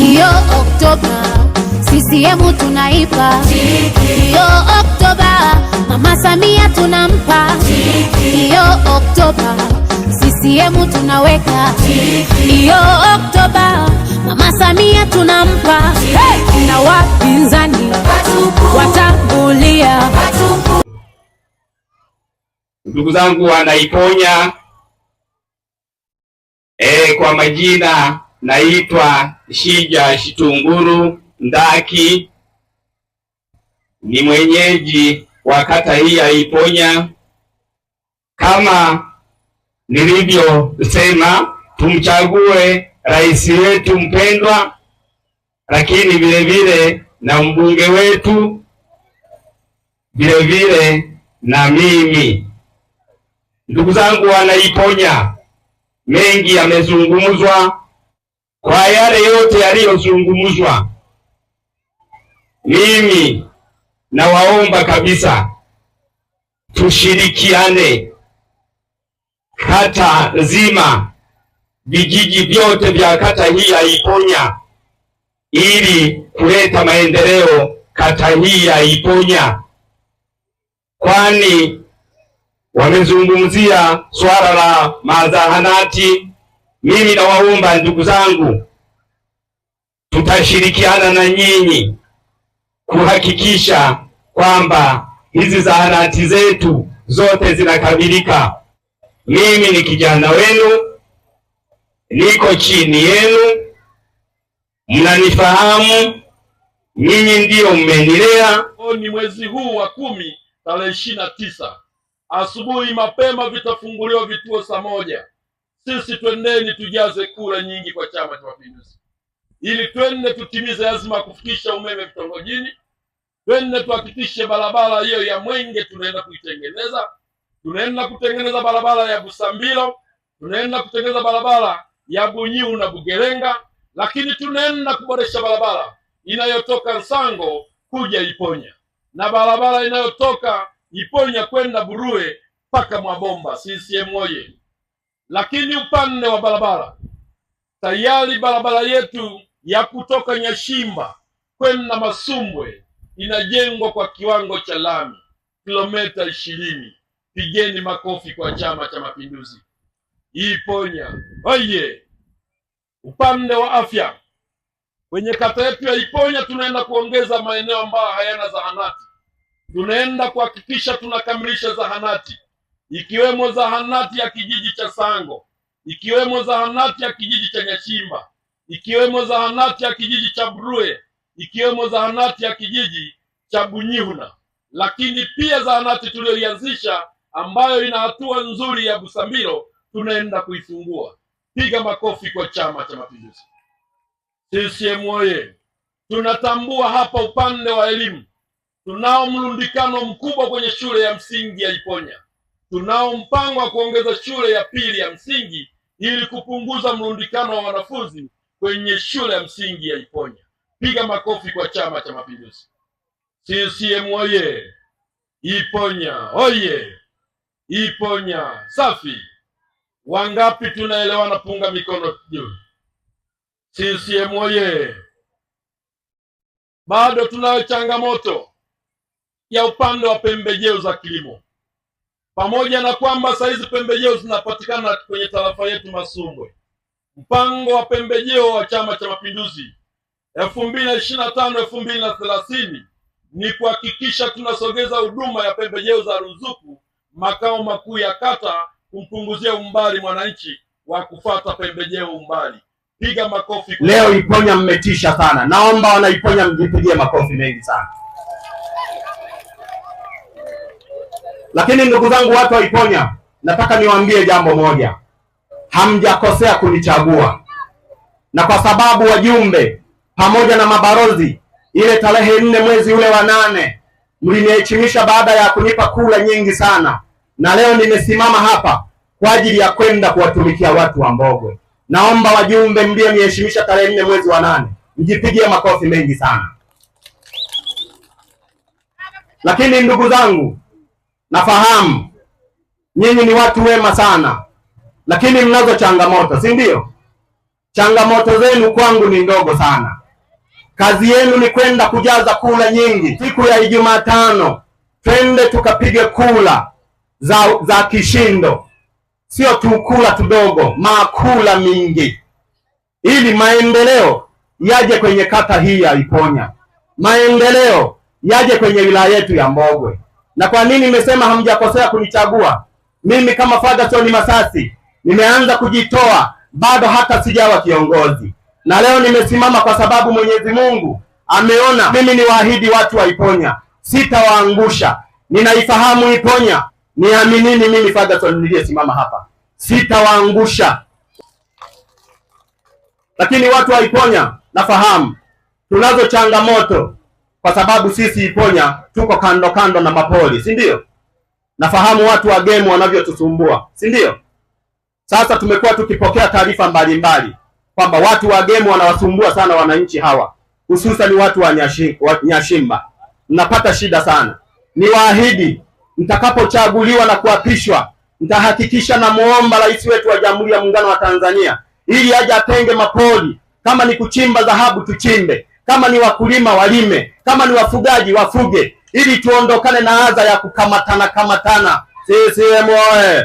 hiyo Oktoba CCM tunaipa hiyo Oktoba, Mama Samia tunampa hiyo Oktoba, CCM tunaweka hiyo Oktoba, Mama Samia tunampa hey! na wapinzani watangulia. Ndugu zangu, wanaiponya eh, kwa majina naitwa Shija Shitunguru Ndaki, ni mwenyeji wa kata hii ya Iponya. Kama nilivyosema, tumchague rais wetu mpendwa, lakini vile vile na mbunge wetu vile vile na mimi. Ndugu zangu, wanaiponya, mengi yamezungumzwa kwa yale yote yaliyozungumzwa, mimi nawaomba kabisa tushirikiane, kata nzima, vijiji vyote vya kata hii ya Iponya, ili kuleta maendeleo kata hii ya Iponya, kwani wamezungumzia swala la mazahanati mimi nawaomba ndugu zangu, tutashirikiana na nyinyi kuhakikisha kwamba hizi zahanati zetu zote zinakamilika. Mimi ni kijana wenu, niko chini yenu, mnanifahamu, nyinyi ndiyo mmenilea. Ni mwezi huu wa kumi tarehe ishirini na tisa asubuhi mapema vitafunguliwa vituo saa moja sisi twendeni tujaze kura nyingi kwa Chama cha Mapinduzi, ili twende tutimize lazima ya kufikisha umeme vitongojini, twende tuhakikishe barabara hiyo ya Mwenge tunaenda kuitengeneza, tunaenda kutengeneza barabara ya Busambilo, tunaenda kutengeneza barabara ya Bunyiu na Bugerenga, lakini tunaenda kuboresha barabara inayotoka Nsango kuja Iponya na barabara inayotoka Iponya kwenda Burue mpaka Mwabomba. CCM oye! Lakini upande wa barabara, tayari barabara yetu ya kutoka Nyashimba kwenda Masumbwe inajengwa kwa kiwango cha lami kilomita ishirini. Pigeni makofi kwa Chama cha Mapinduzi! Hii Iponya oye! Upande wa afya, kwenye kata yetu ya Iponya tunaenda kuongeza maeneo ambayo hayana zahanati. Tunaenda kuhakikisha tunakamilisha zahanati ikiwemo zahanati ya kijiji cha Sango, ikiwemo zahanati ya kijiji cha Nyashimba, ikiwemo zahanati ya kijiji cha Brue, ikiwemo zahanati ya kijiji cha Bunyihuna, lakini pia zahanati tuliyoianzisha ambayo ina hatua nzuri ya Busambiro tunaenda kuifungua. Piga makofi kwa Chama cha Mapinduzi, CCM oye! Tunatambua hapa upande wa elimu tunao mlundikano mkubwa kwenye shule ya msingi ya Iponya tunao mpango wa kuongeza shule ya pili ya msingi ili kupunguza mrundikano wa wanafunzi kwenye shule ya msingi ya Iponya. Piga makofi kwa Chama cha Mapinduzi! CCM oye! Iponya oye! Iponya safi! Wangapi tunaelewa? Punga mikono juu! CCM oye! Bado tunayo changamoto ya upande wa pembejeo za kilimo pamoja na kwamba saizi pembejeo zinapatikana kwenye tarafa yetu Masumbwe. Mpango wa pembejeo wa Chama cha Mapinduzi elfu mbili na ishirini na tano elfu mbili na thelathini ni kuhakikisha tunasogeza huduma ya pembejeo za ruzuku makao makuu ya kata, kumpunguzia umbali mwananchi wa kufata pembejeo umbali. Piga makofi leo. Iponya mmetisha sana, naomba wanaiponya mjipigie makofi mengi sana. Lakini ndugu zangu, watu waiponya, nataka niwaambie jambo moja, hamjakosea kunichagua, na kwa sababu wajumbe pamoja na mabalozi, ile tarehe nne mwezi ule wa nane mliniheshimisha baada ya kunipa kula nyingi sana, na leo nimesimama hapa kwa ajili ya kwenda kuwatumikia watu wa Mbogwe. Naomba wajumbe mlioniheshimisha tarehe nne mwezi wa nane mjipigie makofi mengi sana. Lakini ndugu zangu Nafahamu nyinyi ni watu wema sana, lakini mnazo changamoto, si ndio? Changamoto zenu kwangu ni ndogo sana. Kazi yenu ni kwenda kujaza kula nyingi. Siku ya Ijumaa tano, twende tukapige kula za, za kishindo, sio tu kula tudogo, makula mingi, ili maendeleo yaje kwenye kata hii ya Iponya, maendeleo yaje kwenye wilaya yetu ya Mbogwe. Na kwa nini nimesema hamjakosea kunichagua mimi? Kama Father Masasi nimeanza kujitoa, bado hata sijawa kiongozi, na leo nimesimama kwa sababu Mwenyezi Mungu ameona mimi ni waahidi watu wa Iponya, sitawaangusha. Ninaifahamu Iponya, niaminini mimi Father niliyesimama hapa, sitawaangusha. Lakini watu wa Iponya nafahamu tunazo changamoto kwa sababu sisi Iponya tuko kando kando na mapoli, si ndio? Nafahamu watu wa gemu wanavyotusumbua, si ndio? Sasa tumekuwa tukipokea taarifa mbalimbali kwamba watu wa gemu wanawasumbua sana wananchi hawa, hususan watu wa Nyashimba, mnapata shida sana. Ni waahidi mtakapochaguliwa na kuapishwa, mtahakikisha na muomba rais wetu wa Jamhuri ya Muungano wa Tanzania ili aje atenge mapoli, kama ni kuchimba dhahabu tuchimbe kama ni wakulima walime, kama ni wafugaji wafuge, ili tuondokane na adha ya kukamatana kamatana. CCM oye!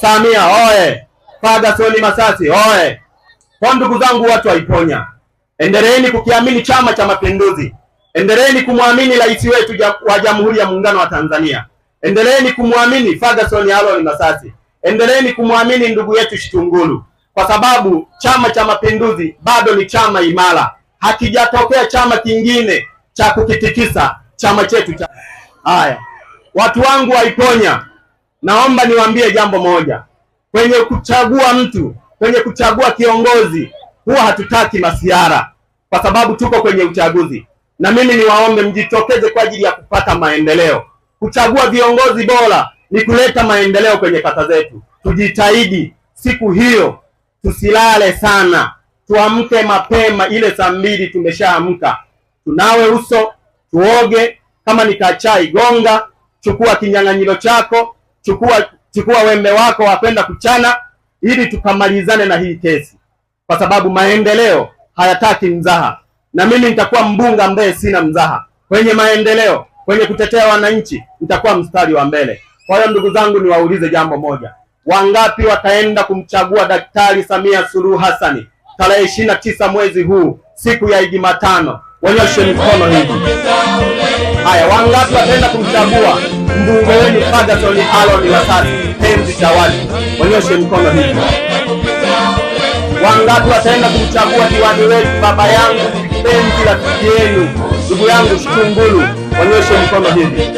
Samia oye! Fagason Masasi oye! Kwa ndugu zangu, watu waiponya, endeleeni kukiamini Chama cha Mapinduzi, endeleeni kumwamini rais wetu wa Jamhuri ya Muungano wa Tanzania, endeleeni kumwamini Fagason Halon Masasi, endeleeni kumwamini ndugu yetu Shitungulu, kwa sababu Chama cha Mapinduzi bado ni chama imara hakijatokea chama kingine cha kukitikisa chama chetu cha haya. Watu wangu Waiponya, naomba niwaambie jambo moja. Kwenye kuchagua mtu, kwenye kuchagua kiongozi, huwa hatutaki masiara, kwa sababu tuko kwenye uchaguzi. Na mimi niwaombe mjitokeze kwa ajili ya kupata maendeleo. Kuchagua viongozi bora ni kuleta maendeleo kwenye kata zetu. Tujitahidi siku hiyo, tusilale sana tuamke mapema, ile saa mbili tumeshaamka, tunawe uso, tuoge, kama ni kachai gonga, chukua kinyang'anyiro chako, chukua chukua wembe wako wapenda kuchana, ili tukamalizane na hii kesi, kwa sababu maendeleo hayataki mzaha, na mimi nitakuwa mbunge ambaye sina mzaha kwenye maendeleo, kwenye kutetea wananchi, nitakuwa mstari wa mbele. Kwa hiyo ndugu zangu, niwaulize jambo moja, wangapi wataenda kumchagua Daktari Samia Suluhu Hassani tarehe ishirini na tisa mwezi huu siku ya tano Wanyoshe mikono hivi. Haya, wangapi wataenda kumchagua mbunge wenu wa sasa, penzi Henzi watu? Wanyoshe mikono hivi. Wangapi wataenda kumchagua diwani wetu baba yangu penzi la yenu ndugu yangu Shitumbulu? Wanyoshe mikono hivi.